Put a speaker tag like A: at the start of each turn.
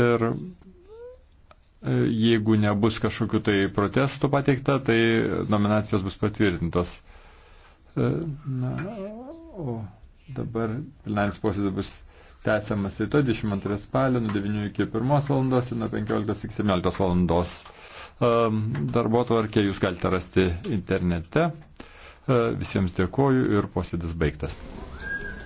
A: Ir e, jeigu nebus kažkokiu tai protestų pateikta, tai nominacijos bus patvirtintos.
B: E, na, o
A: dabar plenarinis posėdis bus tęsiamas rytoj 22 spalio nuo 9 iki 1 valandos ir nuo 15 iki 17 valandos. E, darbo tvarkė jūs galite rasti internete. Visiems dėkoju ir posėdis baigtas.